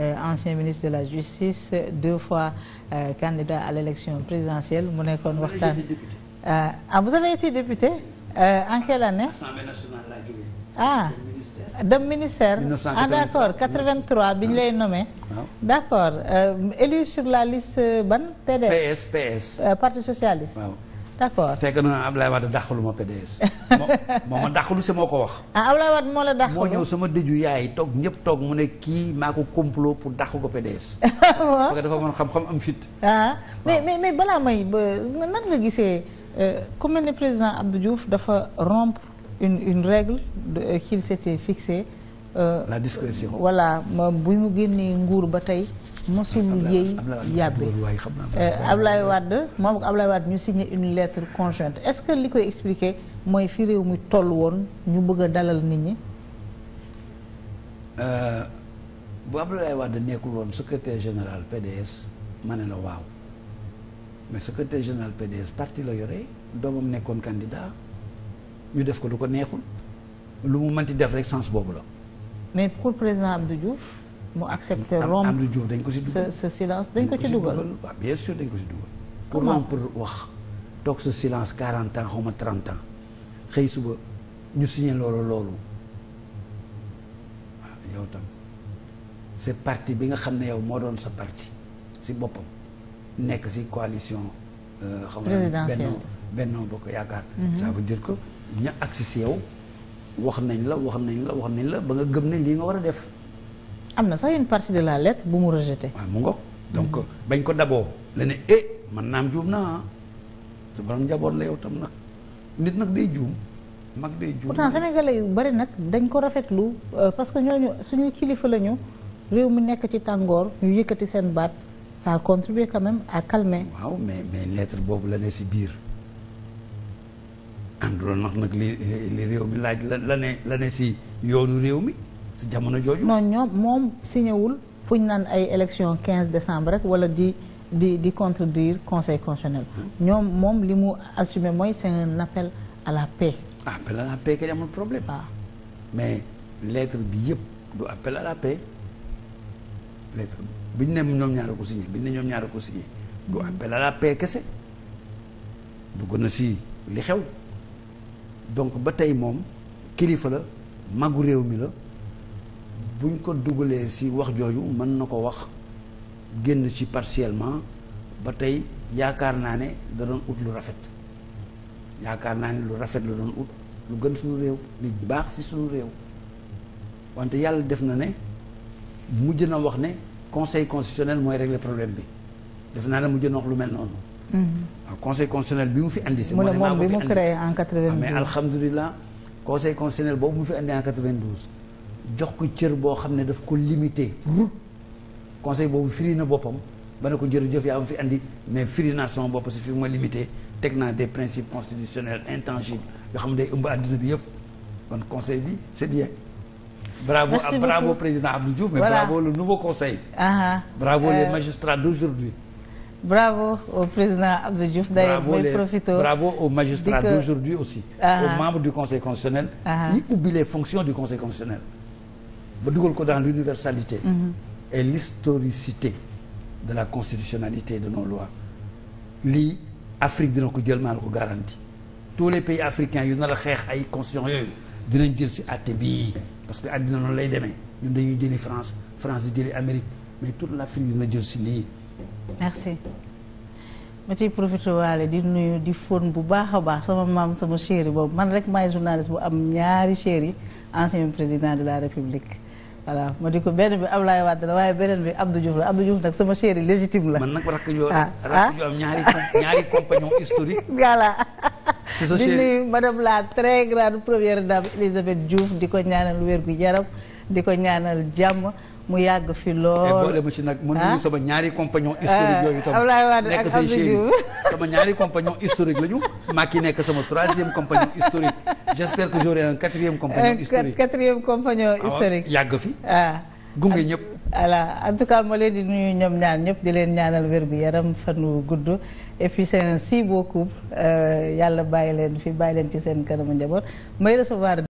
Euh, ancien ministre de la justice de fois euh, candidat à l'élection présidentielle mu nekkoon waxtaan. Euh, ah vous avez été député en quelle ah de ministère ah d' accord 83 bi ñu lay d' accord élu sur la liste ban PDS PS PS parti socialiste d'accord fekk na Abdoulaye Wade dàqalu ma PDS. moo ma dàqalu si moo ko wax. ah Abdoulaye Wade moo la dàqalu moo ñëw sama dëju yaay toog ñëpp toog mu ne kii maa ko complot pour dàq ko PDS. parce que dafa mën xam-xam am fit. ah mais mais mais balaa may ba nan nga gisee euh, ku mel ne président Abdou Diouf dafa rompre une une règle de euh, qu'il s'était fixée. Euh, la discrétion voilà bu mu génnee nguur ba tey. mosul yëy yàbbe euh, Ablaye Wade moom ak Ablaye Wade ñu signé une lettre conjointe est-ce que li koy expliquer mooy fi réew mi toll woon ñu bëgg a dalal nit ñi euh, bu Ablaye Wade nekkul woon secretaire général PDS ma ne la waaw mais secrétaire général PDS parti la yore doomam nekkoon candidat ñu def ko lu ko neexul lu mu mënti def rek sens boobu la mais pour président Abdou mu accepté romb Amady dañ ko si dugal sa silence dañ ko ci dugal waaw bien sûr dañ ko si dugal. pour rompre wax toog sa silence 40 ans xaw ma 30 ans xëy suba ñu signé loolu loolu waaw yow tam c'est parti bi nga xam ne yow moo doon sa parti si boppam nekk si coalition. xaw nga benn benn bokk yaakaar. Mhm. nañ la wax nañ la wax nañ la ba nga gëm ne lii nga war a def. am na sax une partie de la lettre bu mu rejeté. waaw mu donc bañ ko daboo la ne eh man naam juum naa sa borom njaboot la yow tam nag nit nag day juum mag day juum. pourtant sénégalais yu bari nag dañ ko rafetlu euh, parce que ñooñu suñu kilifa lañu réew mi nekk ci tàngoor ñu yëkkati seen baat ça a contribué quand même à calmer. waaw mais mais lettre boobu la ne si biir. ànduloon nax nag li li réew mi laaj la la ne la ne si yoonu réew mi. si jamono jooju. non ñoom moom signé wul fu ñu naan ay élection 15 décembre rek wala di di di contredire conseil constitutionnel. ñoom moom li mu assume mooy c'est un appel à la paix. Ah, appel à la paix kay problème. waaw ah. mais lettre bi yëpp du appel à la ñu ne ñoom ñaar ko bi ñu ne ñoom ñaar ko signé du kese dugg na si li xew donc ba tey moom kilifa la magu réew mi la. ñu ko duggalee si wax jooju mën na ko wax génn ci partiellement ba tey yaakaar naa ne da doon ut lu rafet yaakaar naa ne lu rafet lu doon ut lu gën suñu réew li baax si suñu réew wante yàlla def na ne mujj na wax ne conseil constitutionnel mooy régler problème bi def naa ne mu jën wax lu mel noonu. Mm-hmm. waaw conseil constitutionnel bi mu fi andi. si mu ne mu ne moom bi mu créé en 92. Ah, mais alhamdulilah conseil constitutionnel boobu mu fi andi en 92. jox ko cër boo xam ne daf ko limité conseil boobu firi na boppam ba ne ko jërëjëf yaa am fi indi mais firi naa sama bopp si fi ma limité teg naa des principes constitutionnels intangibles yoo xam ne day ëmb àddina bi yëpp kon conseil bi c'est bien bravo Merci bravo beaucoup. président Abdou Diouf mais voilà. bravo le nouveau conseil uh-huh. bravo euh... les magistrats d'aujourd'hui bravo au président Abdou Diouf d'ailleurs mooy profité bravo aux magistrats d'aujourd'hui aussi uh-huh. aux membres du conseil constitutionnel uh-huh. ubbi les ba dugal ko dans l'universalité mm -hmm. et l'historicité de la constitutionnalité de nos lois lii Afrique dina ko jël maa la ko garanti tous les pays africains yu na a xeex ay constitution yooyu dinañ jël si àtte bii parce que àddina noonu lay demee ñun dañuy jëli France France di jëli Amérique mais tout l'Afrique dina jël si nii merci ma ciy profité waale di nuyu di fon bu baax a baax sama maam sama chéri boobu man rek maay journaliste bu am ñaari chéri ancien président de la République voilà ma di ko benn bi Ablaye Wade la waaye beneen bi Abdou Diouf la Abdou Diouf nag sama chéri légitime la. man nag rakk joo ah. rakk joo ah. am ñaari ñaari compagnon historique. voilà. c'est sa chéri di nuyu madame la très grande première dame Elisabeth Diouf di ko ñaanal wér gu yaram di ko ñaanal jàmm. mu yàgg fi lool. boole ma ci nag mën nañu ah? sama ñaari compagnon historique yooyu ah, sama ñaari compagnon historique la ñu Macky nekk sama troisième compagnon historique j'espère que j'aurai un quatrième compagnon historique quatrième compagnon ah, historique yàgg fi ah gunge ñëpp voilà en tout cas ma leen di nuyu ñoom ñaar ñëpp di leen ñaanal wér gu yaram fanu gudd et puis c'est un si couple euh, yàlla bàyyi leen fi bàyyi leen ci seen kanamu njaboot